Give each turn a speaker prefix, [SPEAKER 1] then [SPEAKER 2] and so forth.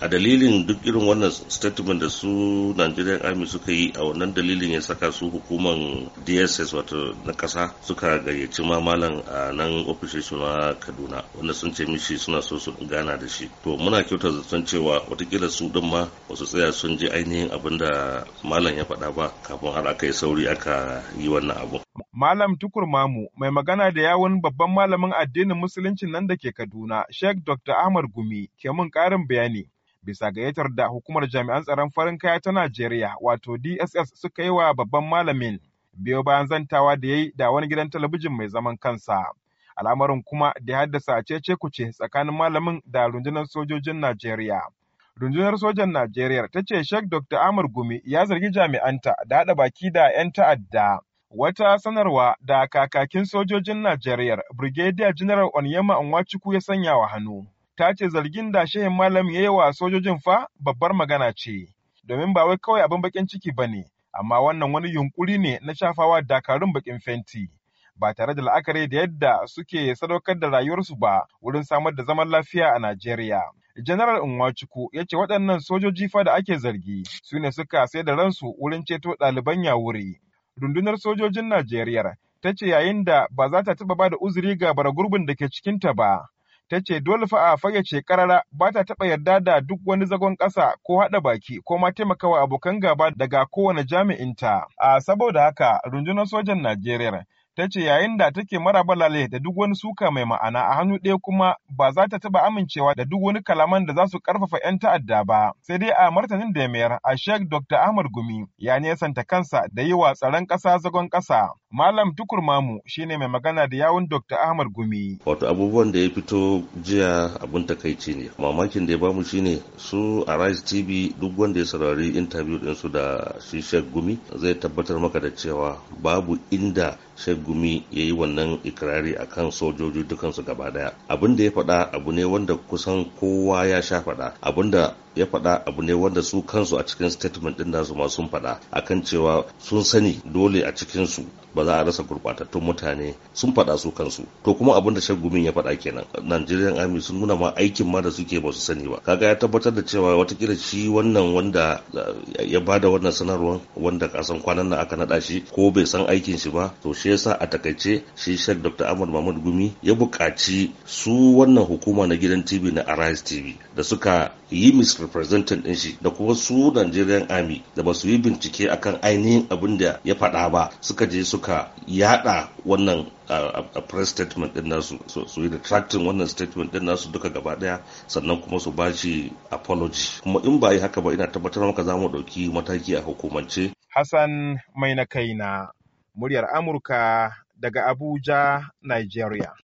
[SPEAKER 1] a dalilin duk irin wannan statement da su nigerian army suka yi a wannan dalilin ya saka su hukuman dss wato na kasa suka gayyaci mamalan a nan ofishin shi na kaduna wanda sun ce mishi suna so su gana da shi to muna kyauta san cewa watakila su din ma wasu tsaya sun ji ainihin abin da malam ya faɗa ba kafin har aka yi sauri aka yi wannan abu
[SPEAKER 2] Malam Tukur Mamu mai magana da yawun babban malamin addinin musuluncin nan da ke Kaduna, Sheikh Dr. Ahmad Gumi ke mun karin bayani. bisa gayyatar da hukumar jami'an tsaron farin kaya ta Najeriya wato DSS suka yi wa babban malamin biyo bayan zantawa da ya yi da wani gidan talabijin mai zaman kansa. Al'amarin kuma da ya haddasa cece kuce tsakanin malamin da rundunar sojojin Najeriya. Rundunar sojan Najeriya ta ce Sheikh Dr. Amur Gumi ya zargi jami'anta da haɗa baki da 'yan ta'adda. Wata sanarwa da kakakin sojojin Najeriya Brigadier General Onyema Onwachukwu ya sanya wa hannu. ta ce zargin da shehin malam ya yi wa sojojin fa babbar magana ce, domin ba wai kawai abin bakin ciki ba ne, amma wannan wani yunkuri ne na shafawa dakarun bakin fenti. Ba tare da la'akari da yadda suke sadaukar da rayuwarsu ba wurin samar da zaman lafiya a Najeriya. General Nwachukwu ya ce waɗannan sojoji fa da ake zargi su ne suka sai da ransu wurin ceto ɗaliban yawuri. Rundunar sojojin Najeriya ta ce yayin da ba za ta taɓa ba da uzuri ga bara gurbin da ke cikinta ba, ta ce dole fa a fayyace karara ba ta taɓa yarda da duk wani zagon ƙasa ko haɗa baki ko ma taimakawa abokan gaba daga kowane jami'inta. A saboda haka rundunar sojan Najeriya ta ce yayin da take lalle da duk wani suka mai ma'ana a hannu ɗaya kuma ba za ta taɓa amincewa da duk wani kalaman da za su ƙarfafa 'yan ta'adda ba sai dai a martanin da mayar a sheik dr ahmad gumi ya nesanta kansa da yi wa tsaron ƙasa zagon ƙasa malam tukur mamu shine mai magana da yawun dr ahmad gumi
[SPEAKER 1] wato abubuwan da ya fito jiya abun takaici ne mamakin da ya bamu shine su a rise tv duk wanda ya saurari interview ɗinsu da shi sheik gumi zai tabbatar maka da cewa babu inda sheik gumi ya yi wannan ikirari a kan sojoji dukansu gaba daya abin da ya faɗa abu ne wanda kusan kowa ya sha faɗa abin ya faɗa abu ne wanda su kansu a cikin statement ɗin nasu ma sun faɗa akan cewa sun sani dole a cikin su ba za a rasa gurbatattun mutane sun faɗa su kansu to kuma abin da shagumin ya faɗa kenan Nigerian Army sun nuna ma aikin ma da suke ba su sani ba kaga ya tabbatar da cewa watakila shi wannan wanda ya bada wannan sanarwar wanda kasan kwanan nan aka naɗa shi ko bai san aikin shi ba to shi yasa a takaice shi Sheikh Dr. Ahmad Mahmud Gumi ya buƙaci su wannan hukuma na gidan TV na Arise TV da suka yi misrepresentation representing din shi da kuma su Nigerian Army da ba su yi bincike akan ainihin abin da ya faɗa ba suka je suka yada wannan a press statement din nasu su yi retracting wannan statement din nasu duka gaba daya sannan kuma su bashi apology kuma in ba yi haka ba ina tabbatar maka za mu ɗauki mataki a hukumance.
[SPEAKER 2] Hassan mai na kaina muryar Amurka daga Abuja, Nigeria.